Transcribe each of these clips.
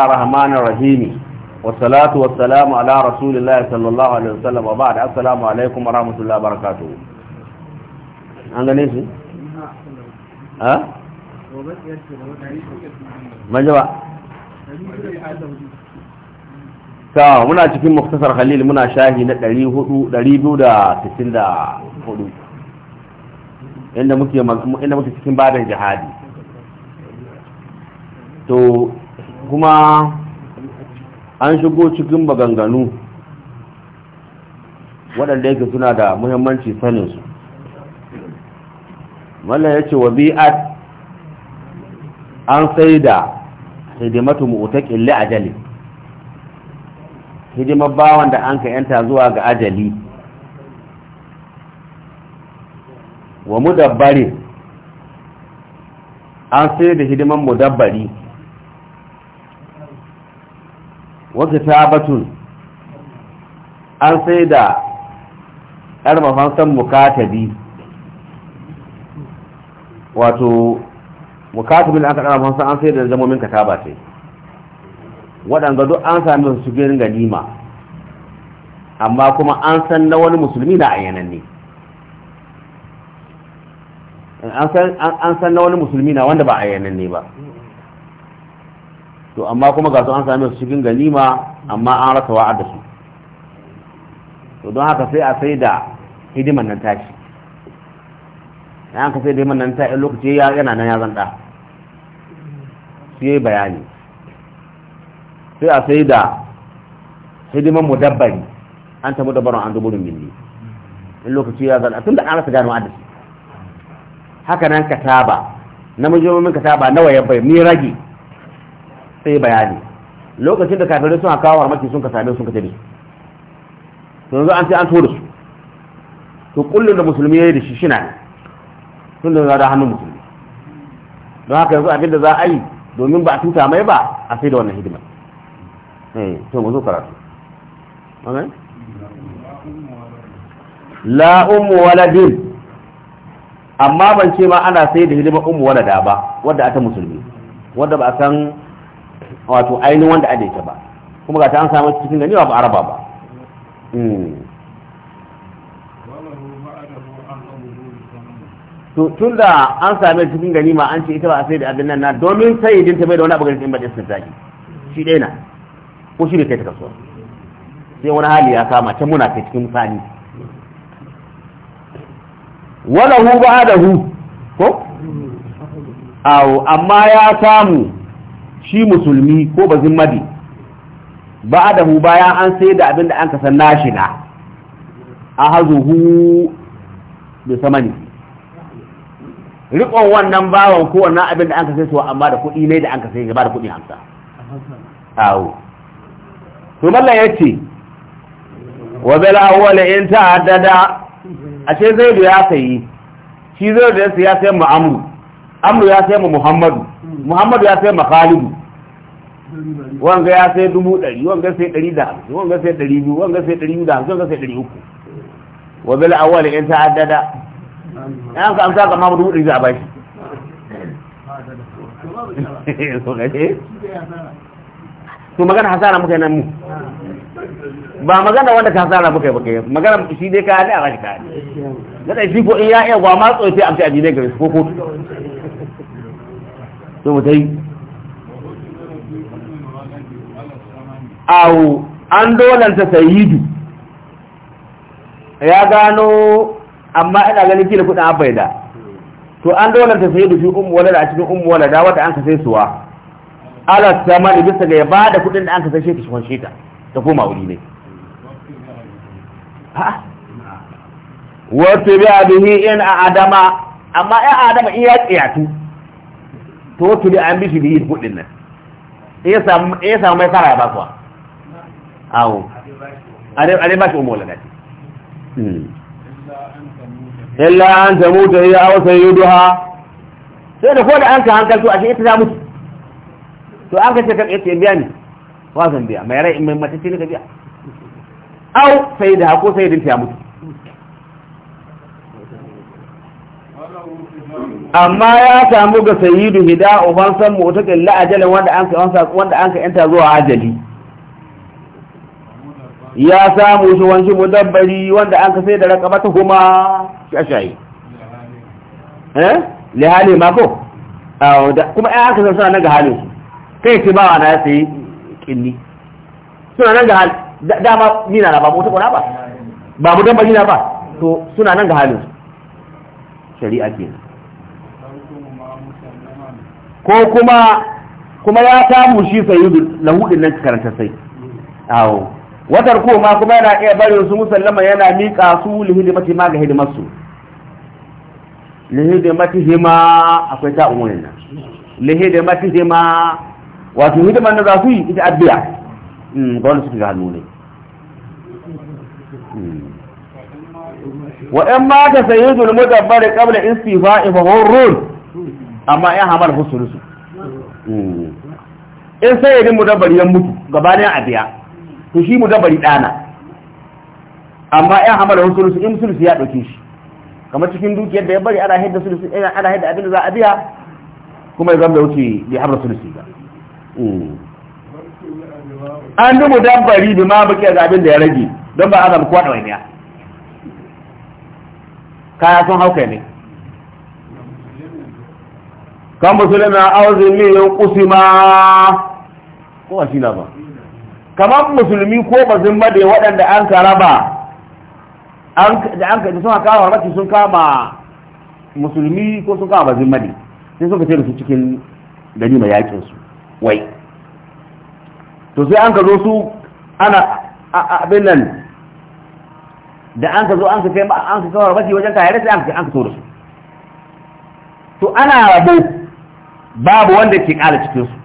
الرحمن الرحيم والصلاة والسلام على رسول الله صلى الله عليه وسلم وبعد السلام عليكم ورحمة الله وبركاته عندنا ايش ها ما جوا ta muna cikin muktasar khalil muna shahi na 494 inda muke inda muke cikin badan jihadi to kuma an shigo cikin maganganu waɗanda yake suna da muhimmanci saninsu malla ya ce wa bi'at an sai da hidimatu mu'utakin ajali hidimar bawan da an ka yanta zuwa ga ajali wa mudabbari an sai da mu mudabbari wata tabatun an sai da yar san mukatabi wato mukatabin da aka ɗara san an sai da zamomin ka kataba ce waɗanda duk an sami su girin ganima amma kuma an san na wani musulmi na ayyanan ne an san na wani musulmi na wanda ba ayyanan ne ba to amma kuma ga su an same su cikin ganima amma an rasa wa'ad da su to don haka sai a sai da hidiman nan tashi an ka sai da hidiman nan tashi lokaci ya yana nan ya zanɗa. su yi bayani sai a sai da hidiman mu dabbari an ta mudabbarin an rumin ne in lokaci ya zanɗa. tun da an rasa gano wa'ad da su haka nan kataba namijin min kataba nawa ya bai mi rage sai bayani lokacin da kafirai suna kawo farmaki sun ka same sun ka tabi to yanzu an ce an tura su to kullum da musulmi ya yi da shi shina ne tun da za da hannun musulmi don haka yanzu abin da za a yi domin ba a tuta mai ba a sai da wannan eh to mu zo karatu la ummu waladin amma ban ce ma ana sai da hidima ummu walada ba wadda ata musulmi wadda ba a san wato ainihin wanda a ita ba kuma ga ta an samu cikin gani ba araba ba hmm. tun da an sami cikin gani ma an ce ita ba a sai da abin nan na domin sai idin ta bai da wani abu ganin ba da sun zaki shi ɗaya na ko shi ne kai ta kasuwa sai wani hali ya kama can muna kai cikin misali wala hu ba da hu ko awo amma ya samu shi musulmi ko bazin madi ba da mu bayan an sai da abin da an kasan nashi na a hu da samani rikon wannan bawan ko wannan abin da an kasai su amma da kuɗi ne da an kasai gaba da kuɗi hamsa awo to mallan ya ce wa bala awwala in ta'addada ashe da ya sayi shi zai da ya sayi mu amru amru ya sayi mu muhammadu muhammadu ya sai makalibu wanga ya sai dubu ɗari wanga sai ɗari da hamsin wanga sai ɗari biyu wanga sai ɗari biyu da hamsin wanga sai ɗari uku wa bil awwal in addada an ka amsa ga ma dubu ɗari za a bashi to magana hasara muka nan mu ba magana wanda ka hasara muka yi baka magana shi dai ka ne a bashi ka ne na ɗai shi ko in ya iya gwa ma tsoye sai amsa a jidai gari ko kotu so mu ta an dolanta sayidu ya gano amma ina ganin kila kudin abaida to an dolanta sayidu fi ummu walada a cikin ummu walada wata an kasai suwa ala samani bisa ga ya bada kudin da an kasai shi ta shi ta ta koma wuri ne ha wato bi abihi in a adama amma ya adama iya tsiyatu to tuli an bishi bihi kudin nan ya samu ya samu mai fara ya ba kuwa awo a ne ba shi umu wala gati hmm. illa an tamuta ya yi duha. sai da ko da an ka hankalto shi ita ta mutu to an ka ce kan ita biya ni wa biya mai rai mai mace ne ka biya da sayyidha sai din ta mutu amma ya samu ga sayidu hida uban san mutakin ajalin wanda an ka wanda an ka yanta zuwa ajali ya samu shi wanshi mudabbari wanda an ka sai da rakabata kuma shashayi eh le hali mako kuma ai aka san suna ga halin su kai ce ba wani sai kinni suna nan ga hal dama ni na ba mutako na ba ba mudabbari na ba to suna nan ga halin su shari'a kenan ko kuma kuma ya samu shi da lahudin nan karanta sai awo watar ma kuma yana iya bari su musallama yana miƙa su lihidimati ma ga hidimarsu. su lihidimati hima akwai ta umurin nan lihidimati hima wato hidimar da za su yi ita abiya hmm, ga wani suke ga hannu ne hmm. wa'yan mata sayyidul mudabbari qabla istifa'i fa hurrun amma ya hamar su mm. in sai yadin mudabbari ya mutu gabanin a biya to shi mudabbari dana amma ya hamar su in sulusu ya ɗauki shi kamar cikin dukiyar da ya bari ana haidda sulusu eh, ana haidda abin da za a biya kuma ya zama wuce bai hamar sulusu ba mm. an dubu dabari da ma baki ga abin da ya rage don ba a zama kwaɗa wani ya kaya sun hauka ne kan musulmi na azumi yan kusima ko ba shi na ba kamar musulmi ko bazin ba da waɗanda an karaba da an kaji suna kawo maki sun kama musulmi ko sun kama bazin madi sai suka ce da su cikin dani mai yakin su wai to sai an ka zo su ana abin nan da an ka zo an ka kai an ka kawo maki wajen kayar sai an ka so da su to ana rabu babu wanda ke kala cikin su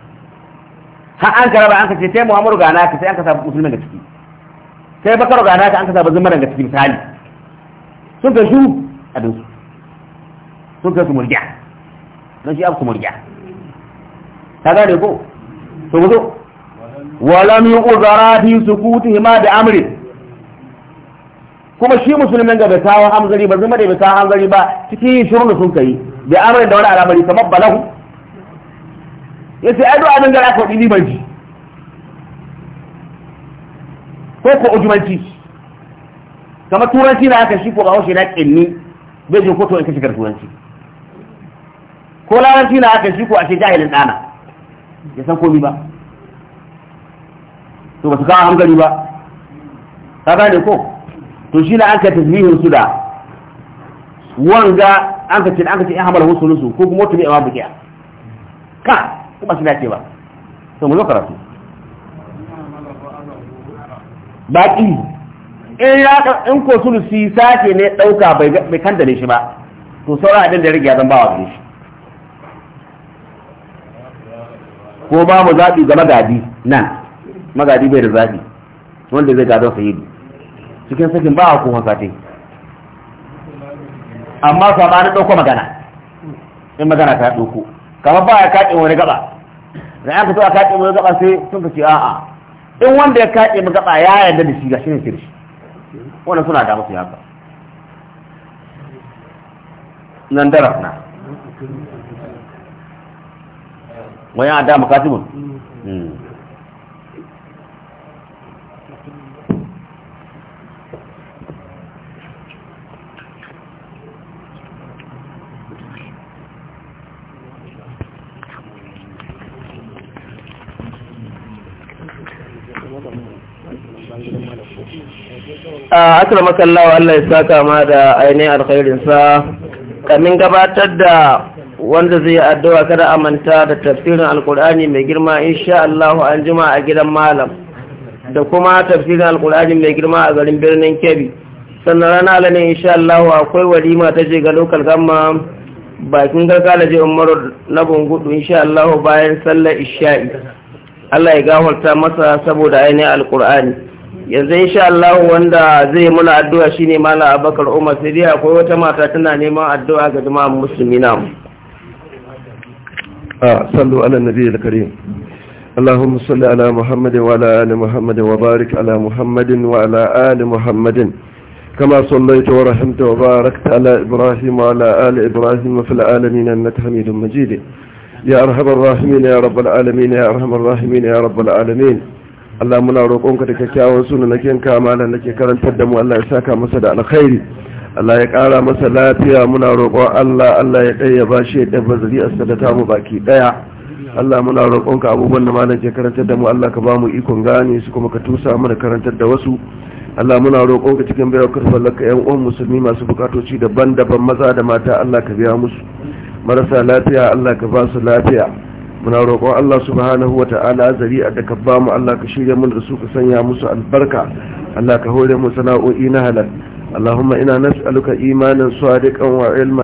har an karaba an kace sai Muhammadu gana ka sai an kasa musulmi musulmin da ciki sai Bakar gana ka an kasa ba zumaran da ciki misali sun ka shu a dinsu sun ka su murja don shi abu su murja ta gane ko to zo walam yuqdara fi ma da amri kuma shi musulmin ga bai kawo hamzari ba zuma da bai kawo hamzari ba cikin shirin da sun kai da amrin da wani al'amari kamar balahu ya ce ai abin da aka waɗi limanci ko ko ujumanci kama turanci na aka shi ko ba haushe na ƙinni bai jin koto in ka shigar turanci ko larabci na aka shi ko ashe jahilin ɗana ya san komi ba to ba su kawo hankali ba ka gane ko to shi na an ka su da wanga an ka ce an ka ce in hamar wasu ko kuma ne a ma bukiya ka kuma su dace ba to mu zo karatu baki in ya in ko sulusi sake ne dauka bai bai ne shi ba to saura abin da rage ya zan bawa wa shi ko ba mu zaɓi ga magadi nan magadi bai da zaɓi wanda zai yi sayidi cikin sakin ba a kuma sate amma sabanin ɗauko magana in magana ta ɗauko kamar ba ya kaɗe wani gaba da aka so a kaɗe wani gaba sai sun ka a'a in wanda ya kaɗe mu gaba ya yarda da shi ga shi ne ke wannan suna da musu haka nan dara na wani a da makatimun hmm. a akramaka Allah Allah ya saka ma da ainihin alkhairin sa kamin gabatar da wanda zai addu'a kada amanta da tafsirin alkur'ani mai girma insha Allah an jima a gidan malam da kuma tafsirin alkur'ani mai girma a garin birnin Kebbi sannan rana alamin insha Allah akwai walima ta je ga lokal gamma bakin garka da je Umaru na Bungudu insha Allah bayan sallar isha'i Allah ya gafarta masa saboda ainihin alkur'ani yanzu insha Allah wanda zai muna addu'a shine Malam Abubakar Umar sai dai akwai wata mata tana neman addu'a ga jama'an musulmi na mu a ah, sallu ala nabiyil karim اللهم صل ala محمد وعلى آل محمد وبارك على محمد وعلى آل محمد كما صليت ورحمت وباركت على إبراهيم وعلى آل إبراهيم في العالمين أنك حميد مجيد يا أرحم الراحمين يا رب العالمين يا أرحم الراحمين يا رب العالمين Allah muna roƙonka da kyakkyawan sunan nake yanka malan nake karantar da mu Allah ya saka masa da alkhairi Allah ya ƙara masa lafiya muna roƙon Allah Allah ya ɗaya ba shi da bazari a sadata mu baki ɗaya Allah muna roƙonka abubuwan da malan ke karantar da mu Allah ka ba ikon gane su kuma ka tusa mana karantar da wasu Allah muna roƙonka cikin bayar karfar laka uwan musulmi masu bukatoci daban-daban maza da mata Allah ka biya musu marasa lafiya Allah ka ba su lafiya muna roƙon Allah subhanahu wa ta'ala zari'a da ka ba mu Allah ka shirya mun da su ka sanya musu albarka Allah ka hore mu sana'o'i na halal Allahumma ina nas'aluka imanan sadiqan wa ilman